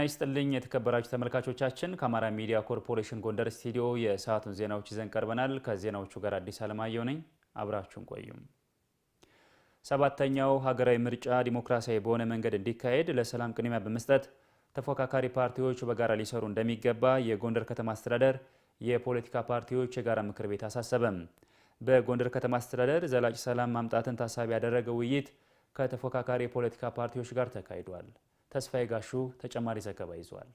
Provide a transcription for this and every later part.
ጤና ይስጥልኝ የተከበራችሁ ተመልካቾቻችን፣ ከአማራ ሚዲያ ኮርፖሬሽን ጎንደር ስቱዲዮ የሰዓቱን ዜናዎች ይዘን ቀርበናል። ከዜናዎቹ ጋር አዲስ አለማየሁ ነኝ፣ አብራችሁን ቆዩም። ሰባተኛው ሀገራዊ ምርጫ ዲሞክራሲያዊ በሆነ መንገድ እንዲካሄድ ለሰላም ቅድሚያ በመስጠት ተፎካካሪ ፓርቲዎች በጋራ ሊሰሩ እንደሚገባ የጎንደር ከተማ አስተዳደር የፖለቲካ ፓርቲዎች የጋራ ምክር ቤት አሳሰበም። በጎንደር ከተማ አስተዳደር ዘላቂ ሰላም ማምጣትን ታሳቢ ያደረገ ውይይት ከተፎካካሪ የፖለቲካ ፓርቲዎች ጋር ተካሂዷል። ተስፋዬ ጋሹ ተጨማሪ ዘገባ ይዟል።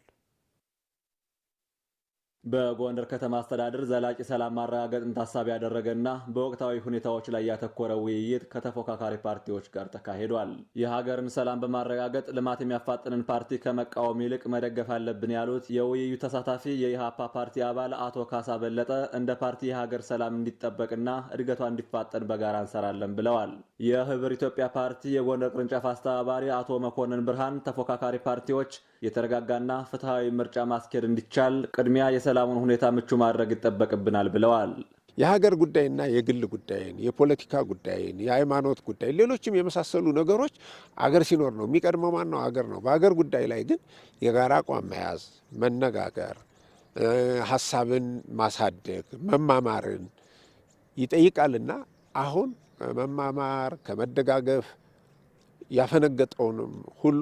በጎንደር ከተማ አስተዳደር ዘላቂ ሰላም ማረጋገጥን ታሳቢ ያደረገና በወቅታዊ ሁኔታዎች ላይ ያተኮረ ውይይት ከተፎካካሪ ፓርቲዎች ጋር ተካሂዷል። የሀገርን ሰላም በማረጋገጥ ልማት የሚያፋጥንን ፓርቲ ከመቃወም ይልቅ መደገፍ አለብን ያሉት የውይይቱ ተሳታፊ የኢሃፓ ፓርቲ አባል አቶ ካሳ በለጠ እንደ ፓርቲ የሀገር ሰላም እንዲጠበቅና እድገቷ እንዲፋጠን በጋራ እንሰራለን ብለዋል። የህብር ኢትዮጵያ ፓርቲ የጎንደር ቅርንጫፍ አስተባባሪ አቶ መኮንን ብርሃን ተፎካካሪ ፓርቲዎች የተረጋጋና ፍትሐዊ ምርጫ ማስኬድ እንዲቻል ቅድሚያ የሰላሙን ሁኔታ ምቹ ማድረግ ይጠበቅብናል ብለዋል። የሀገር ጉዳይና የግል ጉዳይን፣ የፖለቲካ ጉዳይን፣ የሃይማኖት ጉዳይ፣ ሌሎችም የመሳሰሉ ነገሮች አገር ሲኖር ነው የሚቀድመው። ማን ነው? አገር ነው። በአገር ጉዳይ ላይ ግን የጋራ አቋም መያዝ፣ መነጋገር፣ ሀሳብን ማሳደግ፣ መማማርን ይጠይቃልና አሁን ከመማማር ከመደጋገፍ ያፈነገጠውንም ሁሉ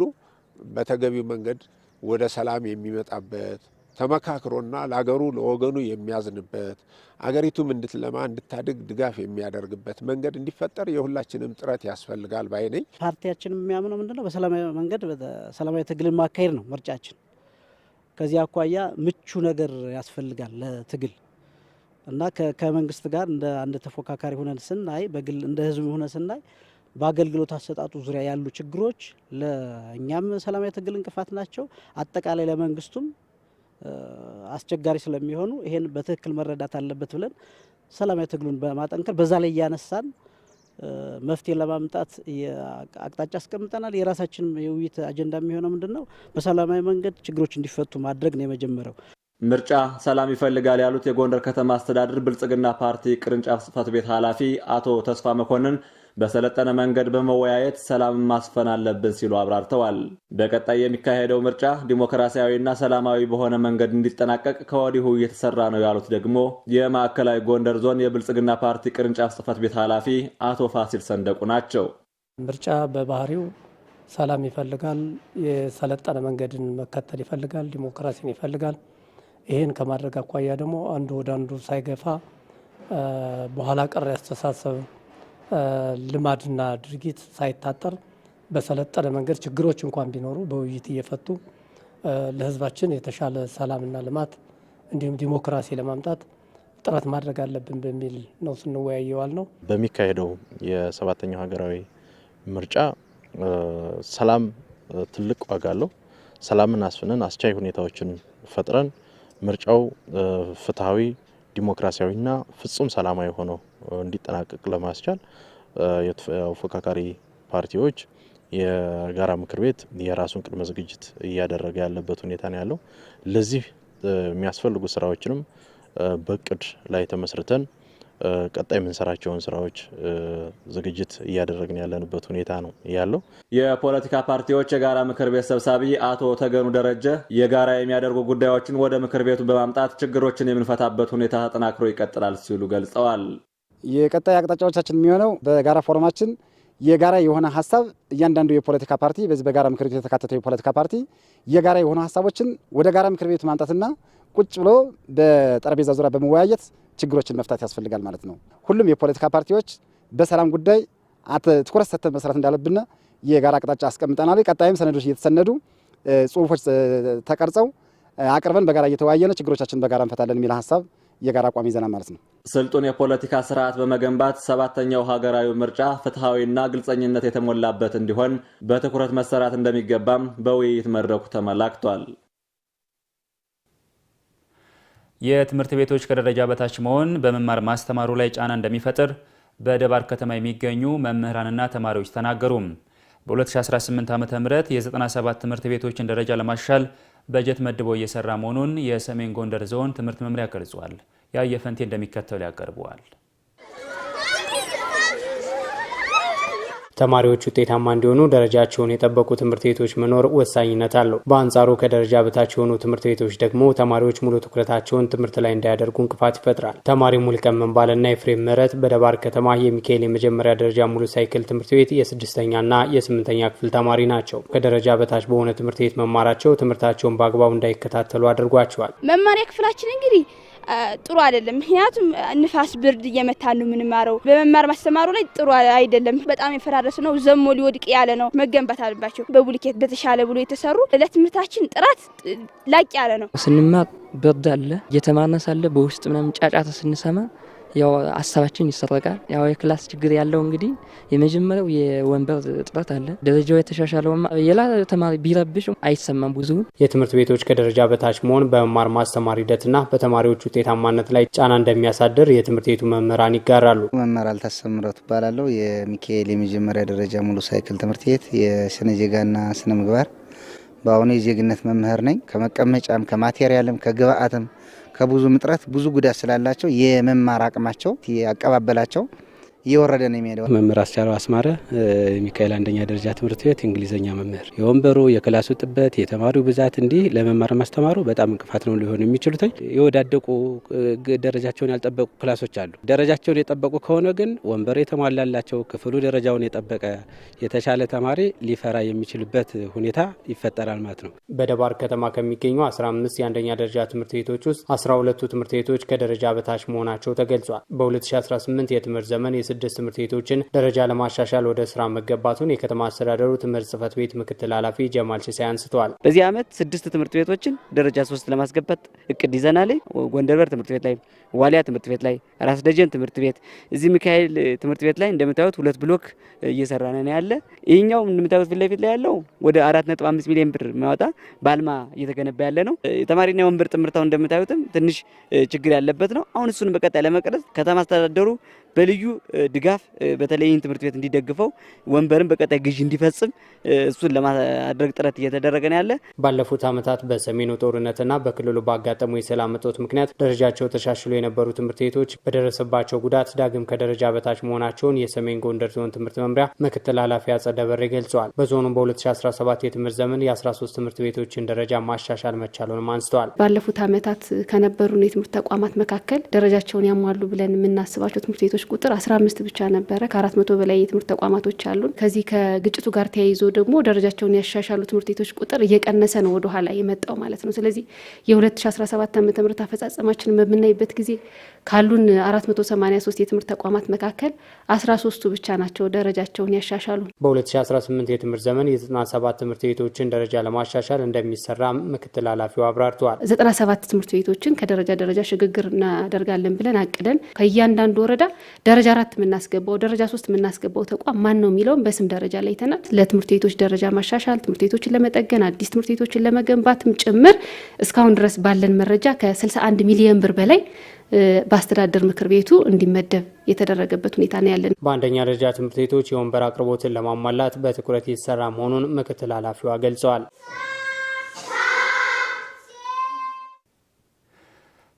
በተገቢው መንገድ ወደ ሰላም የሚመጣበት ተመካክሮና ለአገሩ ለወገኑ የሚያዝንበት አገሪቱም እንድትለማ እንድታድግ ድጋፍ የሚያደርግበት መንገድ እንዲፈጠር የሁላችንም ጥረት ያስፈልጋል ባይ ነኝ። ፓርቲያችን የሚያምነው ምንድነው? በሰላማዊ መንገድ ሰላማዊ ትግልን ማካሄድ ነው ምርጫችን። ከዚህ አኳያ ምቹ ነገር ያስፈልጋል ለትግል እና ከመንግስት ጋር እንደ አንድ ተፎካካሪ ሆነን ስናይ፣ በግል እንደ ህዝብ ሆነ ስናይ በአገልግሎት አሰጣጡ ዙሪያ ያሉ ችግሮች ለእኛም ሰላማዊ ትግል እንቅፋት ናቸው። አጠቃላይ ለመንግስቱም አስቸጋሪ ስለሚሆኑ ይሄን በትክክል መረዳት አለበት ብለን ሰላማዊ ትግሉን በማጠንከር በዛ ላይ እያነሳን መፍትሄ ለማምጣት አቅጣጫ አስቀምጠናል። የራሳችን የውይይት አጀንዳ የሚሆነው ምንድን ነው? በሰላማዊ መንገድ ችግሮች እንዲፈቱ ማድረግ ነው የመጀመሪያው። ምርጫ ሰላም ይፈልጋል ያሉት የጎንደር ከተማ አስተዳደር ብልጽግና ፓርቲ ቅርንጫፍ ጽፈት ቤት ኃላፊ አቶ ተስፋ መኮንን በሰለጠነ መንገድ በመወያየት ሰላምን ማስፈን አለብን ሲሉ አብራርተዋል። በቀጣይ የሚካሄደው ምርጫ ዲሞክራሲያዊና ሰላማዊ በሆነ መንገድ እንዲጠናቀቅ ከወዲሁ እየተሰራ ነው ያሉት ደግሞ የማዕከላዊ ጎንደር ዞን የብልጽግና ፓርቲ ቅርንጫፍ ጽህፈት ቤት ኃላፊ አቶ ፋሲል ሰንደቁ ናቸው። ምርጫ በባህሪው ሰላም ይፈልጋል፣ የሰለጠነ መንገድን መከተል ይፈልጋል፣ ዲሞክራሲን ይፈልጋል። ይህን ከማድረግ አኳያ ደግሞ አንዱ ወደ አንዱ ሳይገፋ በኋላ ቀር ያስተሳሰብ ልማድና ድርጊት ሳይታጠር በሰለጠነ መንገድ ችግሮች እንኳን ቢኖሩ በውይይት እየፈቱ ለህዝባችን የተሻለ ሰላምና ልማት እንዲሁም ዲሞክራሲ ለማምጣት ጥረት ማድረግ አለብን በሚል ነው ስንወያየዋል ነው። በሚካሄደው የሰባተኛው ሀገራዊ ምርጫ ሰላም ትልቅ ዋጋ አለው። ሰላምን አስፍነን አስቻይ ሁኔታዎችን ፈጥረን ምርጫው ፍትሐዊ ዲሞክራሲያዊና ፍጹም ሰላማዊ ሆነው እንዲጠናቀቅ ለማስቻል የአወካካሪ ፓርቲዎች የጋራ ምክር ቤት የራሱን ቅድመ ዝግጅት እያደረገ ያለበት ሁኔታ ነው ያለው። ለዚህ የሚያስፈልጉ ስራዎችንም በእቅድ ላይ ተመስርተን ቀጣይ የምንሰራቸውን ስራዎች ዝግጅት እያደረግን ያለንበት ሁኔታ ነው ያለው። የፖለቲካ ፓርቲዎች የጋራ ምክር ቤት ሰብሳቢ አቶ ተገኑ ደረጀ የጋራ የሚያደርጉ ጉዳዮችን ወደ ምክር ቤቱ በማምጣት ችግሮችን የምንፈታበት ሁኔታ ተጠናክሮ ይቀጥላል ሲሉ ገልጸዋል። የቀጣይ አቅጣጫዎቻችን የሚሆነው በጋራ ፎረማችን የጋራ የሆነ ሀሳብ እያንዳንዱ የፖለቲካ ፓርቲ በዚህ በጋራ ምክር ቤት የተካተተው የፖለቲካ ፓርቲ የጋራ የሆኑ ሀሳቦችን ወደ ጋራ ምክር ቤቱ ማምጣትና ቁጭ ብሎ በጠረጴዛ ዙሪያ በመወያየት ችግሮችን መፍታት ያስፈልጋል ማለት ነው። ሁሉም የፖለቲካ ፓርቲዎች በሰላም ጉዳይ ትኩረት ሰጥተን መስራት እንዳለብን የጋራ አቅጣጫ አስቀምጠናል። ቀጣይም ሰነዶች እየተሰነዱ ጽሁፎች ተቀርጸው አቅርበን በጋራ እየተወያየን ችግሮቻችን በጋራ እንፈታለን የሚል ሀሳብ የጋራ አቋም ይዘናል ማለት ነው። ስልጡን የፖለቲካ ስርዓት በመገንባት ሰባተኛው ሀገራዊ ምርጫ ፍትሐዊና ግልጸኝነት የተሞላበት እንዲሆን በትኩረት መሰራት እንደሚገባም በውይይት መድረኩ ተመላክቷል። የትምህርት ቤቶች ከደረጃ በታች መሆን በመማር ማስተማሩ ላይ ጫና እንደሚፈጥር በደባርቅ ከተማ የሚገኙ መምህራንና ተማሪዎች ተናገሩም። በ2018 ዓ ም የ97 ትምህርት ቤቶችን ደረጃ ለማሻል በጀት መድቦ እየሰራ መሆኑን የሰሜን ጎንደር ዞን ትምህርት መምሪያ ገልጿል። ያየፈንቴ እንደሚከተሉ ያቀርበዋል። ተማሪዎች ውጤታማ እንዲሆኑ ደረጃቸውን የጠበቁ ትምህርት ቤቶች መኖር ወሳኝነት አለው። በአንጻሩ ከደረጃ በታች የሆኑ ትምህርት ቤቶች ደግሞ ተማሪዎች ሙሉ ትኩረታቸውን ትምህርት ላይ እንዳያደርጉ እንቅፋት ይፈጥራል። ተማሪ ሙልቀን መንባልና የፍሬም ምረት በደባር ከተማ የሚካኤል የመጀመሪያ ደረጃ ሙሉ ሳይክል ትምህርት ቤት የስድስተኛና የስምንተኛ ክፍል ተማሪ ናቸው። ከደረጃ በታች በሆነ ትምህርት ቤት መማራቸው ትምህርታቸውን በአግባቡ እንዳይከታተሉ አድርጓቸዋል። መማሪያ ክፍላችን እንግዲህ ጥሩ አይደለም። ምክንያቱም ንፋስ ብርድ እየመታ ነው የምንማረው። በመማር ማስተማሩ ላይ ጥሩ አይደለም። በጣም የፈራረስ ነው፣ ዘሞ ሊወድቅ ያለ ነው። መገንባት አለባቸው። በቡልኬት በተሻለ ብሎ የተሰሩ ለትምህርታችን ጥራት ላቅ ያለ ነው። ስንማር ብርድ አለ። እየተማርነ ሳለ በውስጥ ምናምን ጫጫታ ስንሰማ ያው ሀሳባችን ይሰረቃል። ያው የክላስ ችግር ያለው እንግዲህ የመጀመሪያው የወንበር እጥረት አለ። ደረጃው የተሻሻለውማ ሌላ ተማሪ ቢረብሽ አይሰማም። ብዙ የትምህርት ቤቶች ከደረጃ በታች መሆን በመማር ማስተማር ሂደትና በተማሪዎች ውጤታማነት ላይ ጫና እንደሚያሳድር የትምህርት ቤቱ መምህራን ይጋራሉ። መምህር አልታሰምረው ትባላለሁ። የሚካኤል የመጀመሪያ ደረጃ ሙሉ ሳይክል ትምህርት ቤት የስነ ዜጋና ስነ ምግባር በአሁኑ የዜግነት መምህር ነኝ። ከመቀመጫም ከማቴሪያልም ከግብአትም ከብዙ ምጥረት ብዙ ጉዳት ስላላቸው የመማር አቅማቸው የአቀባበላቸው እየወረደ ነው የሚሄደው። መምህር አስቻለው አስማረ ሚካኤል አንደኛ ደረጃ ትምህርት ቤት እንግሊዝኛ መምህር። የወንበሩ የክላሱ ጥበት፣ የተማሪው ብዛት እንዲህ ለመማር ማስተማሩ በጣም እንቅፋት ነው ሊሆኑ የሚችሉት። የወዳደቁ ደረጃቸውን ያልጠበቁ ክላሶች አሉ። ደረጃቸውን የጠበቁ ከሆነ ግን ወንበር የተሟላላቸው ክፍሉ ደረጃውን የጠበቀ የተሻለ ተማሪ ሊፈራ የሚችልበት ሁኔታ ይፈጠራል ማለት ነው። በደባር ከተማ ከሚገኙ 15 የአንደኛ ደረጃ ትምህርት ቤቶች ውስጥ 12ቱ ትምህርት ቤቶች ከደረጃ በታች መሆናቸው ተገልጿል። በ2018 የትምህርት ዘመን ስድስት ትምህርት ቤቶችን ደረጃ ለማሻሻል ወደ ስራ መገባቱን የከተማ አስተዳደሩ ትምህርት ጽህፈት ቤት ምክትል ኃላፊ ጀማል ሲሳይ አንስተዋል። በዚህ ዓመት ስድስት ትምህርት ቤቶችን ደረጃ ሶስት ለማስገባት እቅድ ይዘናል። ጎንደር በር ትምህርት ቤት ላይ፣ ዋሊያ ትምህርት ቤት ላይ፣ ራስ ደጀን ትምህርት ቤት፣ እዚህ ሚካኤል ትምህርት ቤት ላይ እንደምታዩት ሁለት ብሎክ እየሰራ ነን ያለ ይህኛው እንደምታዩት ፊት ለፊት ላይ ያለው ወደ አራት ነጥብ አምስት ሚሊዮን ብር የሚያወጣ በአልማ እየተገነባ ያለ ነው። የተማሪና የወንበር ጥምርታው እንደምታዩትም ትንሽ ችግር ያለበት ነው። አሁን እሱን በቀጣይ ለመቅረጽ ከተማ አስተዳደሩ በልዩ ድጋፍ በተለይ ይህን ትምህርት ቤት እንዲደግፈው ወንበርን በቀጣይ ግዥ እንዲፈጽም እሱን ለማድረግ ጥረት እየተደረገ ነው ያለ። ባለፉት ዓመታት በሰሜኑ ጦርነትና በክልሉ ባጋጠሙ የሰላም እጦት ምክንያት ደረጃቸው ተሻሽሎ የነበሩ ትምህርት ቤቶች በደረሰባቸው ጉዳት ዳግም ከደረጃ በታች መሆናቸውን የሰሜን ጎንደር ዞን ትምህርት መምሪያ ምክትል ኃላፊ አጸደ በሬ ገልጸዋል። በዞኑ በ2017 የትምህርት ዘመን የ13 ትምህርት ቤቶችን ደረጃ ማሻሻል መቻሉንም አንስተዋል። ባለፉት ዓመታት ከነበሩ የትምህርት ተቋማት መካከል ደረጃቸውን ያሟሉ ብለን የምናስባቸው ትምህርት ቤቶች ተማሪዎች ቁጥር 15 ብቻ ነበረ። ከአራት መቶ በላይ የትምህርት ተቋማቶች አሉን። ከዚህ ከግጭቱ ጋር ተያይዞ ደግሞ ደረጃቸውን ያሻሻሉ ትምህርት ቤቶች ቁጥር እየቀነሰ ነው ወደኋላ የመጣው ማለት ነው። ስለዚህ የ2017 ዓ ም አፈጻጸማችን በምናይበት ጊዜ ካሉን 483 የትምህርት ተቋማት መካከል 13ቱ ብቻ ናቸው ደረጃቸውን ያሻሻሉ። በ2018 የትምህርት ዘመን የ97 ትምህርት ቤቶችን ደረጃ ለማሻሻል እንደሚሰራ ምክትል ኃላፊው አብራርተዋል። 97 ትምህርት ቤቶችን ከደረጃ ደረጃ ሽግግር እናደርጋለን ብለን አቅደን ከእያንዳንዱ ወረዳ ደረጃ አራት የምናስገባው ደረጃ ሶስት የምናስገባው ተቋም ማን ነው የሚለውም በስም ደረጃ ላይ ለትምህርት ቤቶች ደረጃ ማሻሻል፣ ትምህርት ቤቶችን ለመጠገን፣ አዲስ ትምህርት ቤቶችን ለመገንባትም ጭምር እስካሁን ድረስ ባለን መረጃ ከ61 ሚሊዮን ብር በላይ በአስተዳደር ምክር ቤቱ እንዲመደብ የተደረገበት ሁኔታ ነው ያለን። በአንደኛ ደረጃ ትምህርት ቤቶች የወንበር አቅርቦትን ለማሟላት በትኩረት የተሰራ መሆኑን ምክትል ኃላፊዋ ገልጸዋል።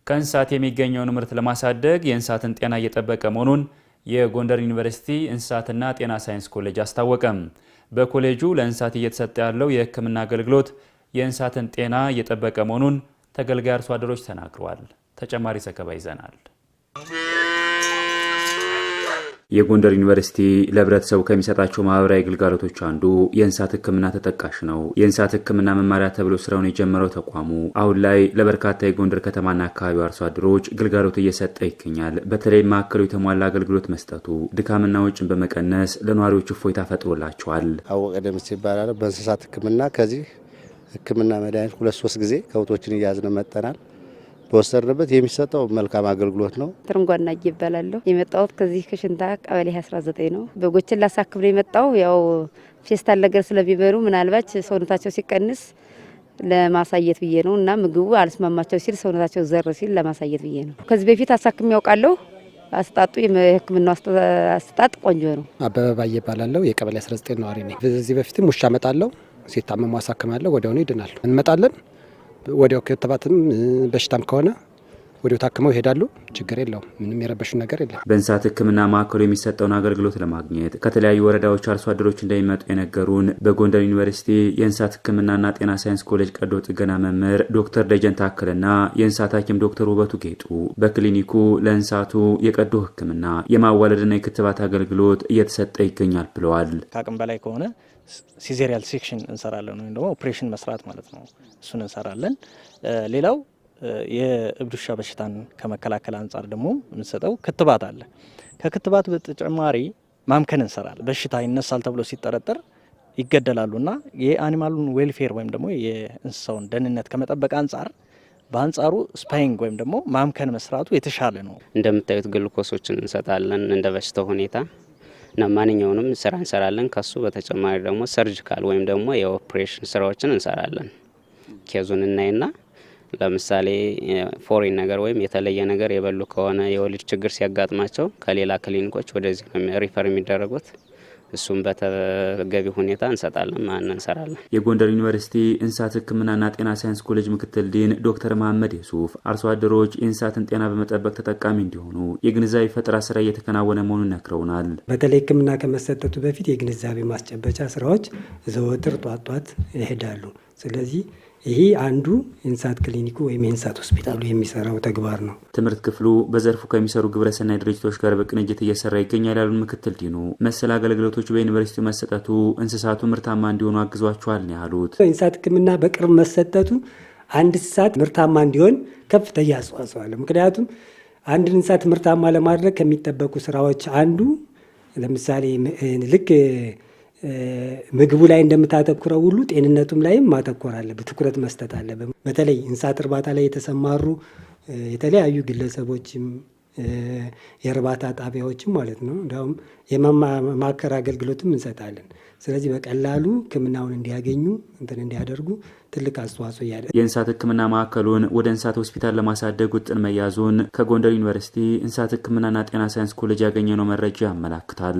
ከእንስሳት የሚገኘውን ምርት ለማሳደግ የእንስሳትን ጤና እየጠበቀ መሆኑን የጎንደር ዩኒቨርሲቲ እንስሳትና ጤና ሳይንስ ኮሌጅ አስታወቀም። በኮሌጁ ለእንስሳት እየተሰጠ ያለው የሕክምና አገልግሎት የእንስሳትን ጤና እየጠበቀ መሆኑን ተገልጋይ አርሶ አደሮች ተናግረዋል። ተጨማሪ ዘገባ ይዘናል። የጎንደር ዩኒቨርሲቲ ለህብረተሰቡ ከሚሰጣቸው ማህበራዊ ግልጋሎቶች አንዱ የእንስሳት ሕክምና ተጠቃሽ ነው። የእንስሳት ሕክምና መማሪያ ተብሎ ስራውን የጀመረው ተቋሙ አሁን ላይ ለበርካታ የጎንደር ከተማና አካባቢው አርሶ አደሮች ግልጋሎት እየሰጠ ይገኛል። በተለይ ማዕከሉ የተሟላ አገልግሎት መስጠቱ ድካምና ወጪን በመቀነስ ለነዋሪዎች እፎይታ ፈጥሮላቸዋል። አወቀ ደምስ ይባላል። በእንስሳት ሕክምና ከዚህ ሕክምና መድኃኒት ሁለት ሶስት ጊዜ ከብቶችን እያዝነ መጠናል በወሰድንበት የሚሰጠው መልካም አገልግሎት ነው። ትርንጓና ይባላለሁ። የመጣሁት ከዚህ ከሽንታ ቀበሌ 19 ነው። በጎችን ላሳክብ ነው የመጣው። ያው ፌስታል ነገር ስለሚበሉ ምናልባች ሰውነታቸው ሲቀንስ ለማሳየት ብዬ ነው እና ምግቡ አልስማማቸው ሲል ሰውነታቸው ዘር ሲል ለማሳየት ብዬ ነው። ከዚህ በፊት አሳክም ያውቃለሁ። አስጣጡ የሕክምናው አስጣጥ ቆንጆ ነው። አበበ ባዬ የቀበሌ 19 ነዋሪ ነኝ። በዚህ በፊትም ውሻ መጣለሁ። ሲታመሙ አሳክማለሁ። ወዲያውኑ ይድናል። እንመጣለን ወዲያው ክትባትም በሽታም ከሆነ ወዲያው ታክመው ይሄዳሉ። ችግር የለውም። ምንም የረበሹ ነገር የለም። በእንስሳት ሕክምና ማዕከሉ የሚሰጠውን አገልግሎት ለማግኘት ከተለያዩ ወረዳዎች አርሶ አደሮች እንደሚመጡ የነገሩን በጎንደር ዩኒቨርሲቲ የእንስሳት ሕክምናና ጤና ሳይንስ ኮሌጅ ቀዶ ጥገና መምህር ዶክተር ደጀን ታክልና የእንስሳት ሐኪም ዶክተር ውበቱ ጌጡ በክሊኒኩ ለእንስሳቱ የቀዶ ሕክምና የማዋለድና የክትባት አገልግሎት እየተሰጠ ይገኛል ብለዋል። ከአቅም በላይ ከሆነ ሲዜሪያል ሴክሽን እንሰራለን ወይም ደግሞ ኦፕሬሽን መስራት ማለት ነው። እሱን እንሰራለን። ሌላው የእብድ ውሻ በሽታን ከመከላከል አንጻር ደግሞ የምንሰጠው ክትባት አለ። ከክትባት በተጨማሪ ማምከን እንሰራለን። በሽታ ይነሳል ተብሎ ሲጠረጠር ይገደላሉና የአኒማሉን ዌልፌር ወይም ደግሞ የእንስሳውን ደህንነት ከመጠበቅ አንጻር በአንጻሩ ስፓይንግ ወይም ደግሞ ማምከን መስራቱ የተሻለ ነው። እንደምታዩት ግልኮሶችን እንሰጣለን እንደ በሽታው ሁኔታ እና ማንኛውንም ስራ እንሰራለን። ከሱ በተጨማሪ ደግሞ ሰርጂካል ወይም ደግሞ የኦፕሬሽን ስራዎችን እንሰራለን። ኬዙን እናይና ለምሳሌ ፎሬን ነገር ወይም የተለየ ነገር የበሉ ከሆነ የወሊድ ችግር ሲያጋጥማቸው ከሌላ ክሊኒኮች ወደዚህ ሪፈር የሚደረጉት። እሱም በተገቢ ሁኔታ እንሰጣለን ማን እንሰራለን። የጎንደር ዩኒቨርሲቲ እንስሳት ሕክምናና ጤና ሳይንስ ኮሌጅ ምክትል ዲን ዶክተር መሐመድ የሱፍ አርሶ አደሮች የእንስሳትን ጤና በመጠበቅ ተጠቃሚ እንዲሆኑ የግንዛቤ ፈጠራ ስራ እየተከናወነ መሆኑን ነግረውናል። በተለይ ሕክምና ከመሰጠቱ በፊት የግንዛቤ ማስጨበጫ ስራዎች ዘወትር ጧጧት ይሄዳሉ። ስለዚህ ይሄ አንዱ የእንስሳት ክሊኒኩ ወይም የእንስሳት ሆስፒታሉ የሚሰራው ተግባር ነው። ትምህርት ክፍሉ በዘርፉ ከሚሰሩ ግብረሰናይ ድርጅቶች ጋር በቅንጅት እየሰራ ይገኛል ያሉን ምክትል ዲኑ መሰል አገልግሎቶች በዩኒቨርሲቲ መሰጠቱ እንስሳቱ ምርታማ እንዲሆኑ አግዟቸዋል ነው ያሉት። የእንስሳት ሕክምና በቅርብ መሰጠቱ አንድ እንስሳት ምርታማ እንዲሆን ከፍተኛ አስተዋጽኦ አለው። ምክንያቱም አንድ እንስሳት ምርታማ ለማድረግ ከሚጠበቁ ስራዎች አንዱ ለምሳሌ ልክ ምግቡ ላይ እንደምታተኩረው ሁሉ ጤንነቱም ላይም ማተኮር አለብህ፣ ትኩረት መስጠት አለብህ። በተለይ እንስሳት እርባታ ላይ የተሰማሩ የተለያዩ ግለሰቦችም የእርባታ ጣቢያዎችም ማለት ነው። እንዲሁም የማማከር አገልግሎትም እንሰጣለን። ስለዚህ በቀላሉ ሕክምናውን እንዲያገኙ እንትን እንዲያደርጉ ትልቅ አስተዋጽኦ እያለ የእንስሳት ሕክምና ማዕከሉን ወደ እንስሳት ሆስፒታል ለማሳደግ ውጥን መያዙን ከጎንደር ዩኒቨርሲቲ እንስሳት ሕክምናና ጤና ሳይንስ ኮሌጅ ያገኘነው መረጃ ያመላክታል።